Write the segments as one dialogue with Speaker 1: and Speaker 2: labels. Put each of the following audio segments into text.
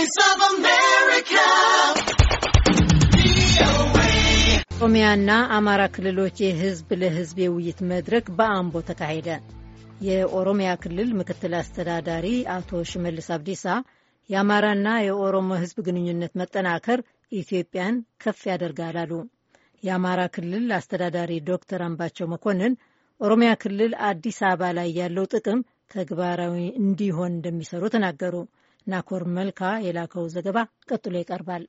Speaker 1: Voice of America. ኦሮሚያና አማራ ክልሎች የህዝብ ለህዝብ የውይይት መድረክ በአምቦ ተካሄደ። የኦሮሚያ ክልል ምክትል አስተዳዳሪ አቶ ሽመልስ አብዲሳ የአማራና የኦሮሞ ህዝብ ግንኙነት መጠናከር ኢትዮጵያን ከፍ ያደርጋል አሉ። የአማራ ክልል አስተዳዳሪ ዶክተር አምባቸው መኮንን ኦሮሚያ ክልል አዲስ አበባ ላይ ያለው ጥቅም ተግባራዊ እንዲሆን እንደሚሰሩ ተናገሩ። ናኮር መልካ የላከው ዘገባ ቀጥሎ ይቀርባል።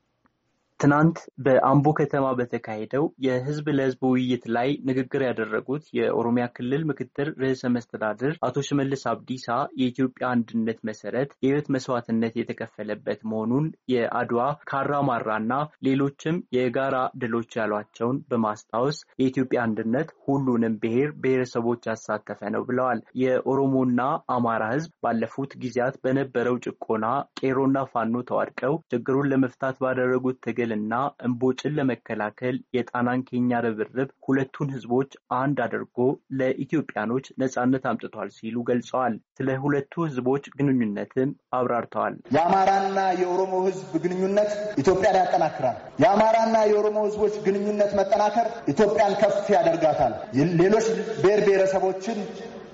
Speaker 2: ትናንት በአምቦ ከተማ በተካሄደው የህዝብ ለህዝብ ውይይት ላይ ንግግር ያደረጉት የኦሮሚያ ክልል ምክትል ርዕሰ መስተዳድር አቶ ሽመልስ አብዲሳ የኢትዮጵያ አንድነት መሰረት የህይወት መስዋዕትነት የተከፈለበት መሆኑን የአድዋ ካራ ማራና ሌሎችም የጋራ ድሎች ያሏቸውን በማስታወስ የኢትዮጵያ አንድነት ሁሉንም ብሔር ብሔረሰቦች ያሳተፈ ነው ብለዋል። የኦሮሞና አማራ ህዝብ ባለፉት ጊዜያት በነበረው ጭቆና ቄሮና ፋኖ ተዋድቀው ችግሩን ለመፍታት ባደረጉት ትግል ለመታገልና እምቦጭን ለመከላከል የጣናን ኬኛ ርብርብ ሁለቱን ህዝቦች አንድ አድርጎ ለኢትዮጵያኖች ነጻነት አምጥቷል ሲሉ ገልጸዋል። ስለ ሁለቱ ህዝቦች ግንኙነትም አብራርተዋል። የአማራና
Speaker 1: የኦሮሞ ህዝብ ግንኙነት ኢትዮጵያን ያጠናክራል። የአማራና የኦሮሞ ህዝቦች ግንኙነት መጠናከር ኢትዮጵያን ከፍ ያደርጋታል። ሌሎች ብሔር ብሔረሰቦችን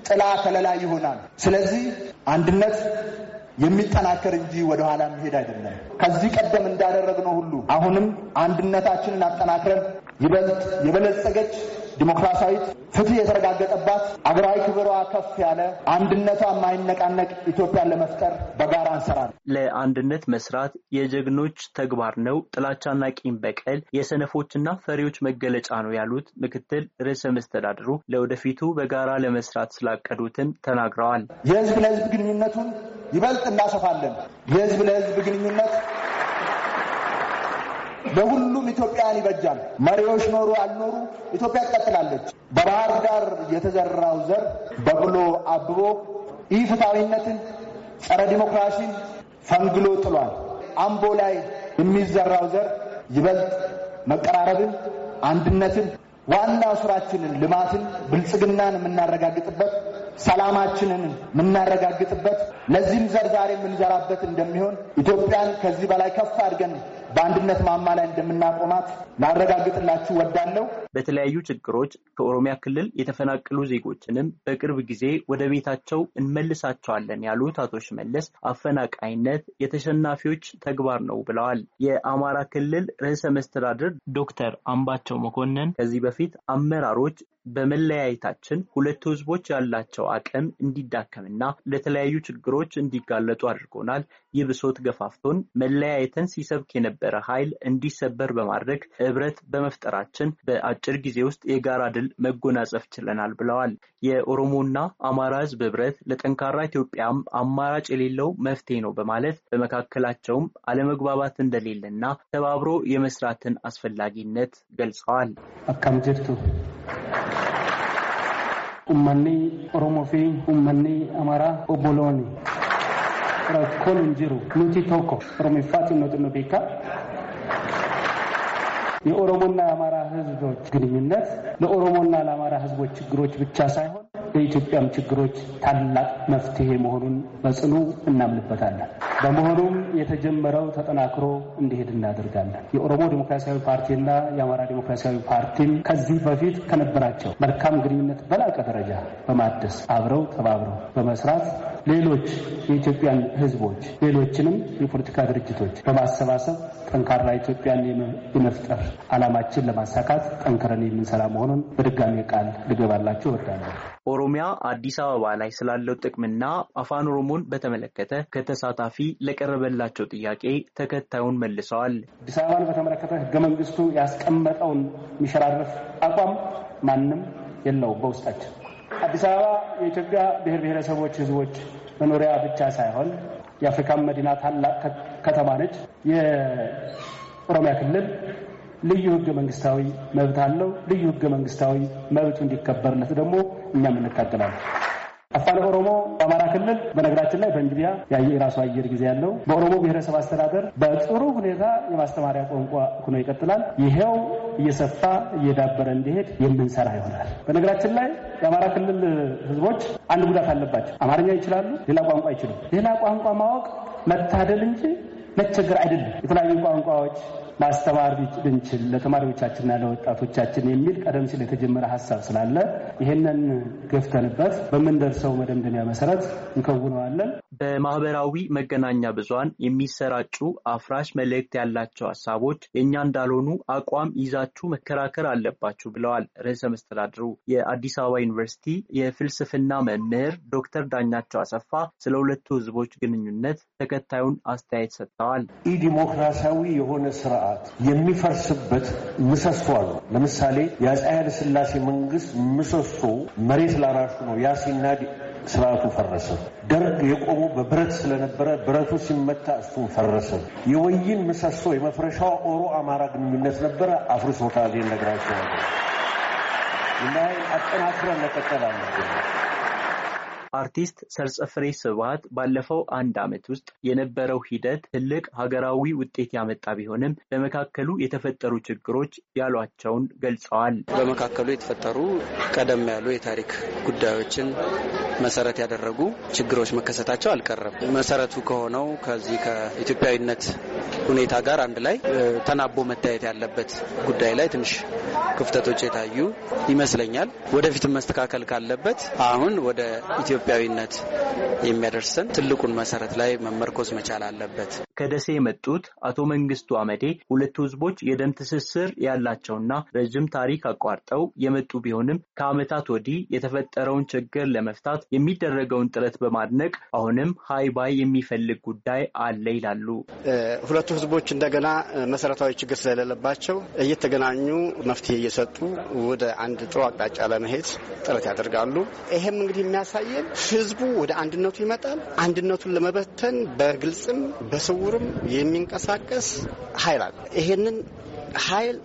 Speaker 1: ጥላ ከለላ ይሆናል። ስለዚህ አንድነት የሚጠናከር እንጂ ወደኋላ መሄድ አይደለም። ከዚህ ቀደም እንዳደረግነው ሁሉ አሁንም አንድነታችንን አጠናክረን ይበልጥ የበለጸገች ዲሞክራሲያዊት ፍትህ የተረጋገጠባት አገራዊ ክብሯ ከፍ ያለ አንድነቷ የማይነቃነቅ ኢትዮጵያን ለመፍጠር በጋራ እንሰራለን።
Speaker 2: ለአንድነት መስራት የጀግኖች ተግባር ነው፣ ጥላቻና ቂም በቀል የሰነፎችና ፈሪዎች መገለጫ ነው ያሉት ምክትል ርዕሰ መስተዳድሩ ለወደፊቱ በጋራ ለመስራት ስላቀዱትም ተናግረዋል። የህዝብ ለህዝብ
Speaker 1: ግንኙነቱን ይበልጥ እናሰፋለን። የህዝብ ለህዝብ ግንኙነት ለሁሉም ኢትዮጵያን ይበጃል። መሪዎች ኖሩ አልኖሩ ኢትዮጵያ ትቀጥላለች። በባህር ዳር የተዘራው ዘር በብሎ አብቦ ይህ ጸረ ዲሞክራሲን ፈንግሎ ጥሏል። አምቦ ላይ የሚዘራው ዘር ይበልጥ መቀራረብን፣ አንድነትን ዋና ስራችንን ልማትን፣ ብልጽግናን የምናረጋግጥበት ሰላማችንን የምናረጋግጥበት ለዚህም ዘር ዛሬ የምንዘራበት እንደሚሆን ኢትዮጵያን ከዚህ በላይ ከፍ አድርገን በአንድነት ማማ ላይ እንደምናቆማት ላረጋግጥላችሁ ወዳለሁ።
Speaker 2: በተለያዩ ችግሮች ከኦሮሚያ ክልል የተፈናቀሉ ዜጎችንም በቅርብ ጊዜ ወደ ቤታቸው እንመልሳቸዋለን ያሉት አቶ ሽመለስ አፈናቃይነት የተሸናፊዎች ተግባር ነው ብለዋል። የአማራ ክልል ርዕሰ መስተዳድር ዶክተር አምባቸው መኮንን ከዚህ በፊት በፊት አመራሮች በመለያየታችን ሁለቱ ህዝቦች ያላቸው አቅም እንዲዳከምና ለተለያዩ ችግሮች እንዲጋለጡ አድርጎናል። ይህ ብሶት ገፋፍቶን መለያየትን ሲሰብክ የነበረ ኃይል እንዲሰበር በማድረግ ህብረት በመፍጠራችን በአጭር ጊዜ ውስጥ የጋራ ድል መጎናጸፍ ችለናል ብለዋል። የኦሮሞና አማራ ህዝብ ህብረት ለጠንካራ ኢትዮጵያም አማራጭ የሌለው መፍትሄ ነው በማለት በመካከላቸውም አለመግባባት እንደሌለና ተባብሮ የመስራትን አስፈላጊነት ገልጸዋል።
Speaker 3: አካምጀርቱ ummanni Oromoo fi ummanni Amaaraa obboloonni rakkoon hin jiru nuti tokko Oromiffaatti nuti nu beeka የኦሮሞና የአማራ ህዝቦች ግንኙነት ለኦሮሞና ለአማራ ህዝቦች ችግሮች ብቻ ሳይሆን የኢትዮጵያም ችግሮች ታላቅ መፍትሄ መሆኑን በጽኑ እናምንበታለን። በመሆኑም የተጀመረው ተጠናክሮ እንዲሄድ እናደርጋለን። የኦሮሞ ዴሞክራሲያዊ ፓርቲና የአማራ ዴሞክራሲያዊ ፓርቲም ከዚህ በፊት ከነበራቸው መልካም ግንኙነት በላቀ ደረጃ በማደስ አብረው ተባብረው በመስራት ሌሎች የኢትዮጵያን ህዝቦች ሌሎችንም የፖለቲካ ድርጅቶች በማሰባሰብ ጠንካራ ኢትዮጵያን የመፍጠር አላማችን ለማሳካት ጠንክረን የምንሰራ መሆኑን በድጋሜ ቃል ልገባላቸው እወዳለሁ።
Speaker 2: ኦሮሚያ አዲስ አበባ ላይ ስላለው ጥቅምና አፋን ኦሮሞን በተመለከተ ከተሳታፊ ለቀረበላቸው ጥያቄ ተከታዩን መልሰዋል።
Speaker 3: አዲስ አበባን በተመለከተ ህገ መንግስቱ ያስቀመጠውን የሚሸራርፍ አቋም ማንም የለውም በውስጣችን። አዲስ አበባ የኢትዮጵያ ብሔር ብሔረሰቦች ህዝቦች መኖሪያ ብቻ ሳይሆን የአፍሪካን መዲና ታላቅ ከተማ ነች። የኦሮሚያ ክልል ልዩ ህገ መንግስታዊ መብት አለው። ልዩ ህገ መንግስታዊ መብቱ እንዲከበርለት ደግሞ እኛም እንታገላለን። አፋን ኦሮሞ በአማራ ክልል በነገራችን ላይ በእንግዲያ ያየ የራሱ አየር ጊዜ ያለው በኦሮሞ ብሔረሰብ አስተዳደር በጥሩ ሁኔታ የማስተማሪያ ቋንቋ ሆኖ ይቀጥላል። ይሄው እየሰፋ እየዳበረ እንዲሄድ የምንሰራ ይሆናል። በነገራችን ላይ የአማራ ክልል ህዝቦች አንድ ጉዳት አለባቸው። አማርኛ ይችላሉ፣ ሌላ ቋንቋ አይችሉም። ሌላ ቋንቋ ማወቅ መታደል እንጂ መቸገር አይደለም። የተለያዩ ቋንቋዎች ማስተማር ብንችል ለተማሪዎቻችንና ለወጣቶቻችን የሚል ቀደም ሲል የተጀመረ ሀሳብ ስላለ ይህንን ገፍተንበት በምንደርሰው መደምደሚያ መሰረት እንከውነዋለን።
Speaker 2: በማህበራዊ መገናኛ ብዙሃን የሚሰራጩ አፍራሽ መልእክት ያላቸው ሀሳቦች የእኛ እንዳልሆኑ አቋም ይዛችሁ መከራከር አለባችሁ ብለዋል ርዕሰ መስተዳድሩ። የአዲስ አበባ ዩኒቨርሲቲ የፍልስፍና መምህር ዶክተር ዳኛቸው አሰፋ ስለ ሁለቱ ህዝቦች ግንኙነት ተከታዩን አስተያየት ሰጥተዋል።
Speaker 3: ዲሞክራሲያዊ የሆነ ስራ። ስርዓት የሚፈርስበት ምሰሶ አሉ። ለምሳሌ የአፄ ኃይለ ሥላሴ መንግስት ምሰሶ መሬት ላራሹ ነው። ያ ሲናድ ስርዓቱ ፈረሰ። ደርግ የቆሙ በብረት ስለነበረ ብረቱ ሲመታ እሱም ፈረሰ። የወይን ምሰሶ የመፍረሻዋ ኦሮ አማራ ግንኙነት ነበረ። አፍርሶታል። ነግራቸዋለ እና አጠናክረን መቀጠል አለብን።
Speaker 2: አርቲስት ሰርጸፍሬ ስብሐት ባለፈው አንድ ዓመት ውስጥ የነበረው ሂደት ትልቅ ሀገራዊ ውጤት ያመጣ ቢሆንም በመካከሉ የተፈጠሩ ችግሮች ያሏቸውን ገልጸዋል። በመካከሉ የተፈጠሩ ቀደም ያሉ የታሪክ ጉዳዮችን
Speaker 3: መሰረት ያደረጉ ችግሮች መከሰታቸው አልቀረም። መሰረቱ ከሆነው ከዚህ ከኢትዮጵያዊነት ሁኔታ ጋር አንድ ላይ ተናቦ መታየት ያለበት ጉዳይ ላይ ትንሽ ክፍተቶች የታዩ ይመስለኛል። ወደፊትም መስተካከል ካለበት አሁን ወደ ኢትዮጵያዊነት የሚያደርሰን ትልቁን መሰረት ላይ መመርኮዝ መቻል አለበት።
Speaker 2: ከደሴ የመጡት አቶ መንግስቱ አመዴ ሁለቱ ህዝቦች የደም ትስስር ያላቸውና ረዥም ታሪክ አቋርጠው የመጡ ቢሆንም ከአመታት ወዲህ የተፈጠረውን ችግር ለመፍታት የሚደረገውን ጥረት በማድነቅ አሁንም ሀይ ባይ የሚፈልግ ጉዳይ አለ ይላሉ።
Speaker 3: ሁለቱ ህዝቦች እንደገና መሰረታዊ ችግር ስለሌለባቸው እየተገናኙ መፍትሄ እየሰጡ ወደ አንድ ጥሩ አቅጣጫ ለመሄድ ጥረት ያደርጋሉ። ይሄም እንግዲህ የሚያሳየን ህዝቡ ወደ አንድነቱ ይመጣል። አንድነቱን ለመበተን በግልጽም በሰው የሚሰውርም የሚንቀሳቀስ ኃይል አለ። ይሄንን ኃይል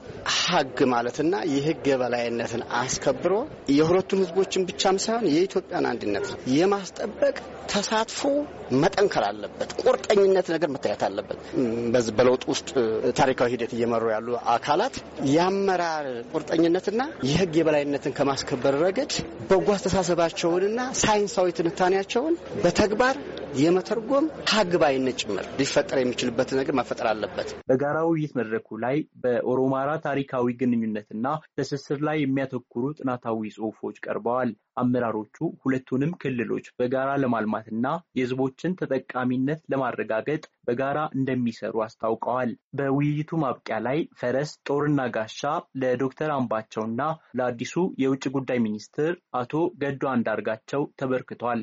Speaker 3: ሀግ ማለትና የህግ የበላይነትን አስከብሮ የሁለቱን ህዝቦችን ብቻም ሳይሆን የኢትዮጵያን አንድነት የማስጠበቅ ተሳትፎ መጠንከር አለበት። ቁርጠኝነት ነገር መታየት አለበት። በዚህ በለውጥ ውስጥ ታሪካዊ ሂደት እየመሩ ያሉ አካላት የአመራር ቁርጠኝነትና የህግ የበላይነትን ከማስከበር ረገድ በጎ አስተሳሰባቸውንና ሳይንሳዊ ትንታኔያቸውን በተግባር የመተርጎም ከአግባይነት ጭምር ሊፈጠር
Speaker 2: የሚችልበት ነገር መፈጠር አለበት። በጋራ ውይይት መድረኩ ላይ በኦሮማራ ታሪካዊ ግንኙነትና ትስስር ላይ የሚያተኩሩ ጥናታዊ ጽሑፎች ቀርበዋል። አመራሮቹ ሁለቱንም ክልሎች በጋራ ለማልማትና የህዝቦችን ተጠቃሚነት ለማረጋገጥ በጋራ እንደሚሰሩ አስታውቀዋል። በውይይቱ ማብቂያ ላይ ፈረስ ጦርና ጋሻ ለዶክተር አምባቸውና ለአዲሱ የውጭ ጉዳይ ሚኒስትር አቶ ገዱ አንዳርጋቸው ተበርክቷል።